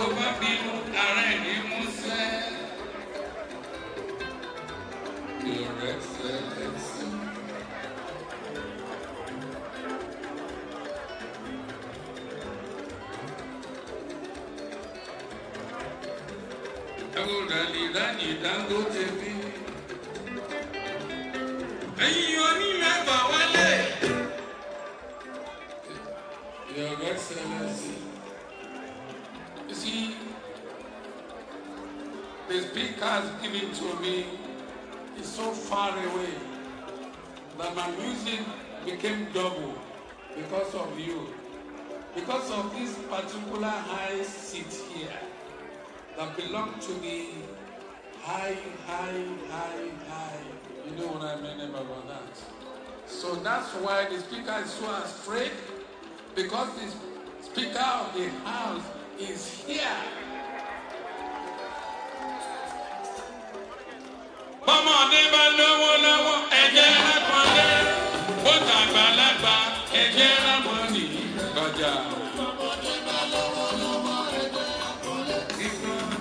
bó bá bínú ara ẹ̀ ní músẹ́. Your Excellency. Ẹ̀wòrán Your Excellency. You see, the speakers given to me is so far away that my music became double because of you. Because of this particular high seat here that belonged to me high, high, high, high. You know what I mean about that. So that's why the speaker is so afraid because the speaker of the house is here. Bọ́mọ̀ ní bá lówó lọ́wọ́ ẹ̀jẹ̀ lápọ̀lẹ́. Bó tàgbàlagbà ẹ̀jẹ̀ lámọ̀ nìyí lọ́jà. Bọ́mọ̀ ní bá lówó lọ́wọ́ ẹ̀jẹ̀ lápọ̀lẹ́.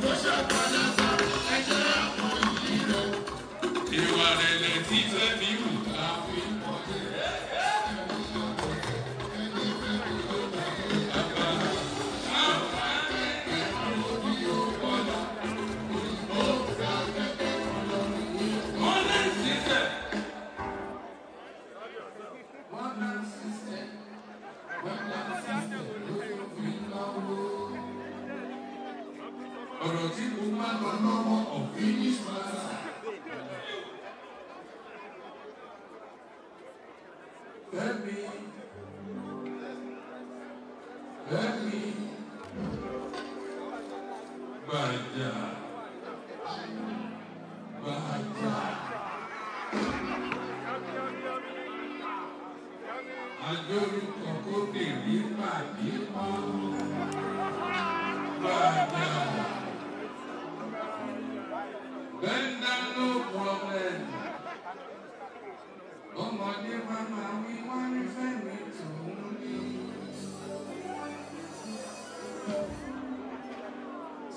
Bó tàgbàlagbà ẹ̀jẹ̀ lámọ̀ nìyí lọ́jà. Ìwà rẹ̀ lè ti fẹ́ mi wù. But, uh,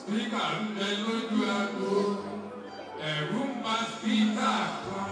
Speaker ń bẹ lójú agbo, ẹ̀rù ń must be kan.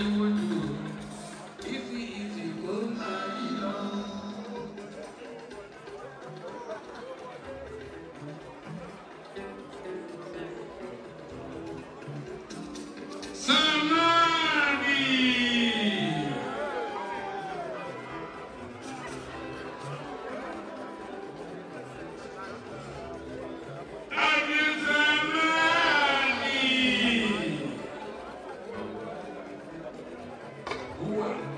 you would do. Whoever.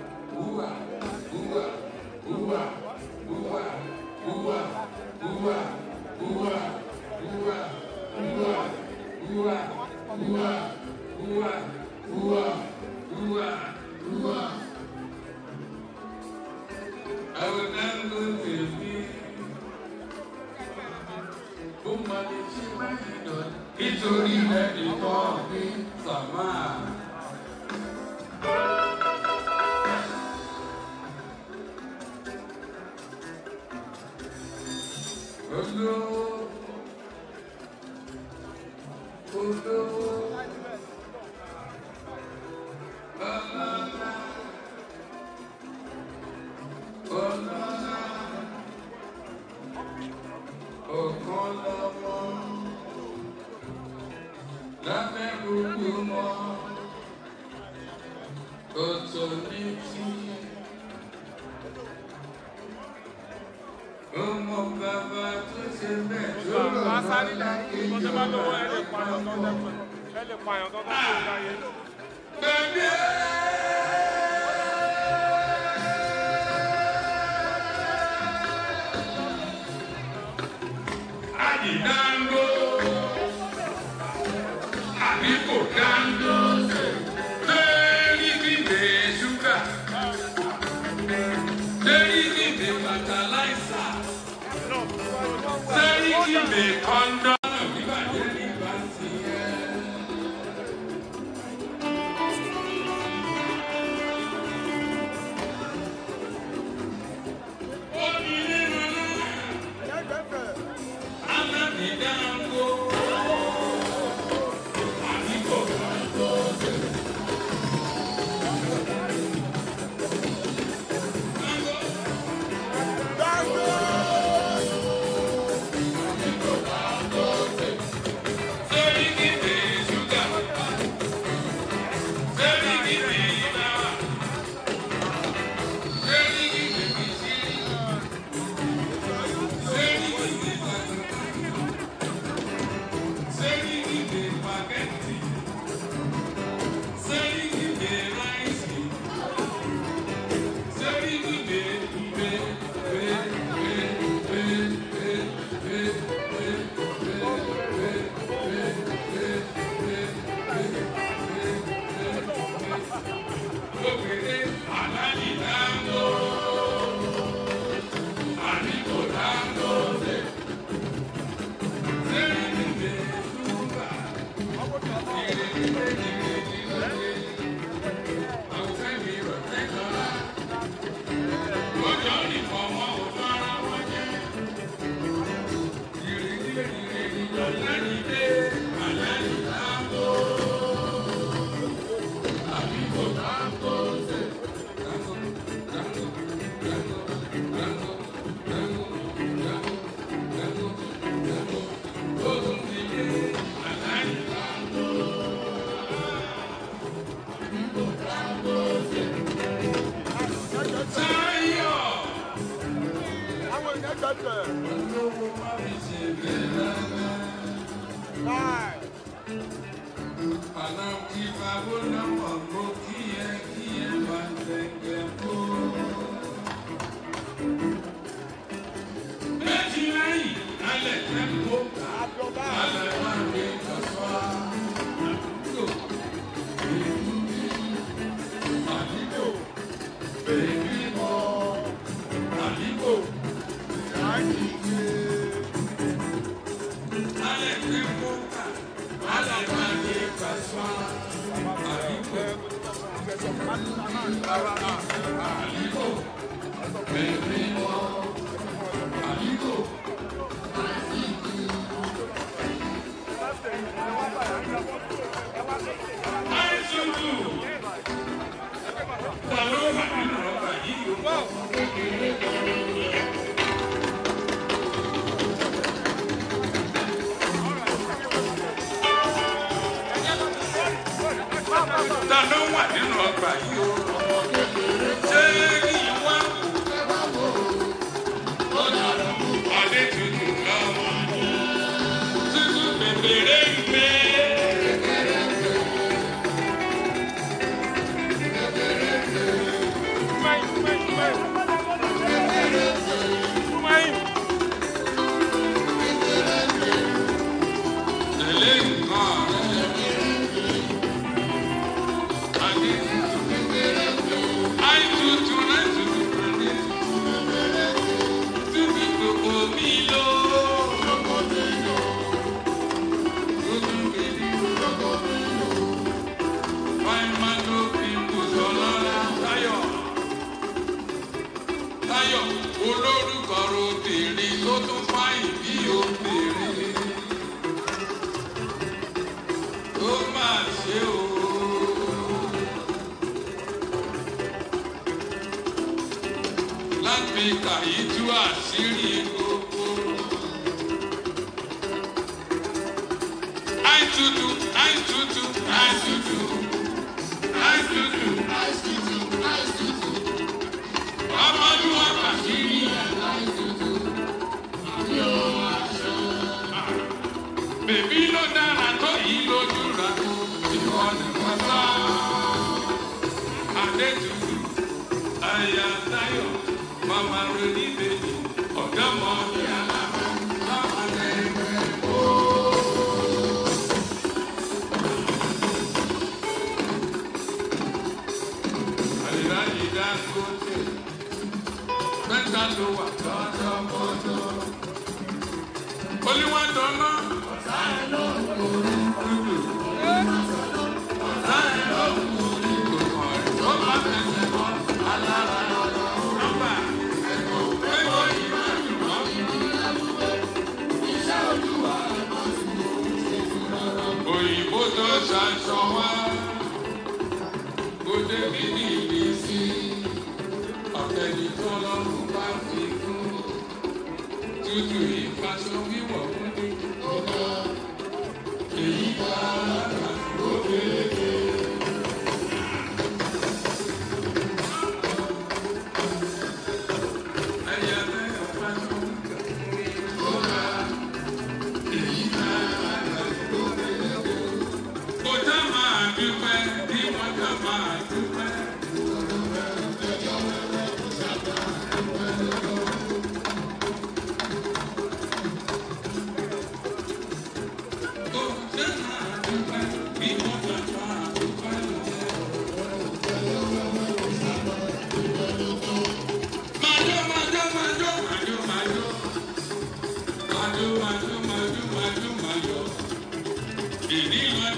Koto neti Ọmọ bàbá tó ṣe bẹ́ẹ̀ tó lọ sáré ìjọba. Bọ́dé bá lówó ẹ lè pààyàn tó dẹ́kun. Ẹ lè pààyàn tó dẹ́kun láyé. Bẹ́ẹ̀ni. Wow. me. àìtutù àìtutù àìtutù àìtutù àìtutù àìtutù ọmọdún ọgbà sí ní àìtutù àti ohun àṣọ. bèbí ló dára tó yìí lójú ra ìwọ nìkan sá. adétutù àyà táyọ̀ màmá rẹ̀ ní. ló wà. lọ́dọ̀ mọ́tò. olúwa dáná. ọ̀sá ẹ̀ ló ń borí beauty.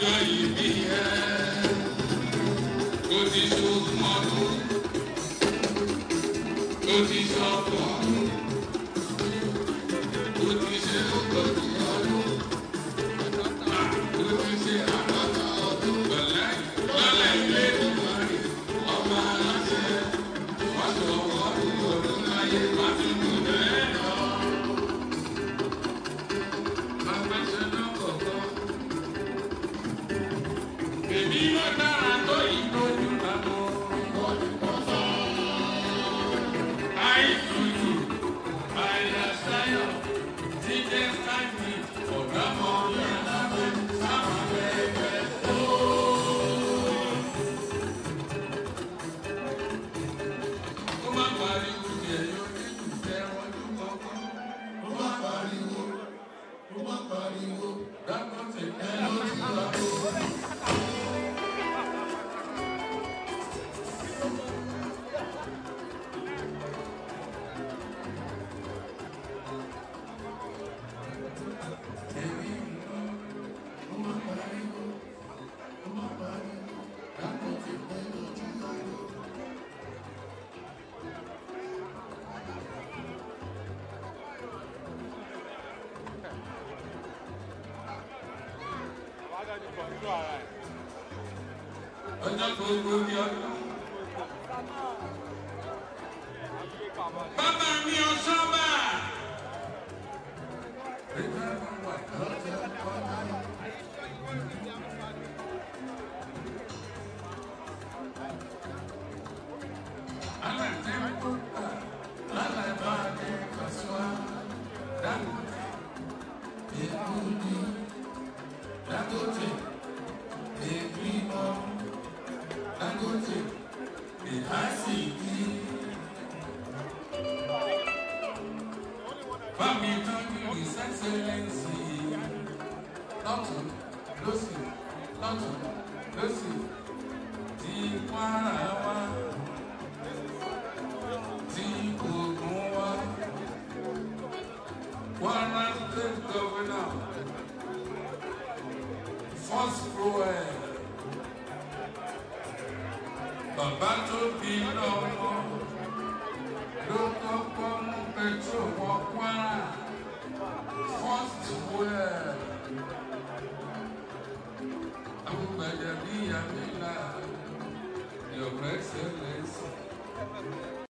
Cause he's so ọjọ́ mi ò to be known.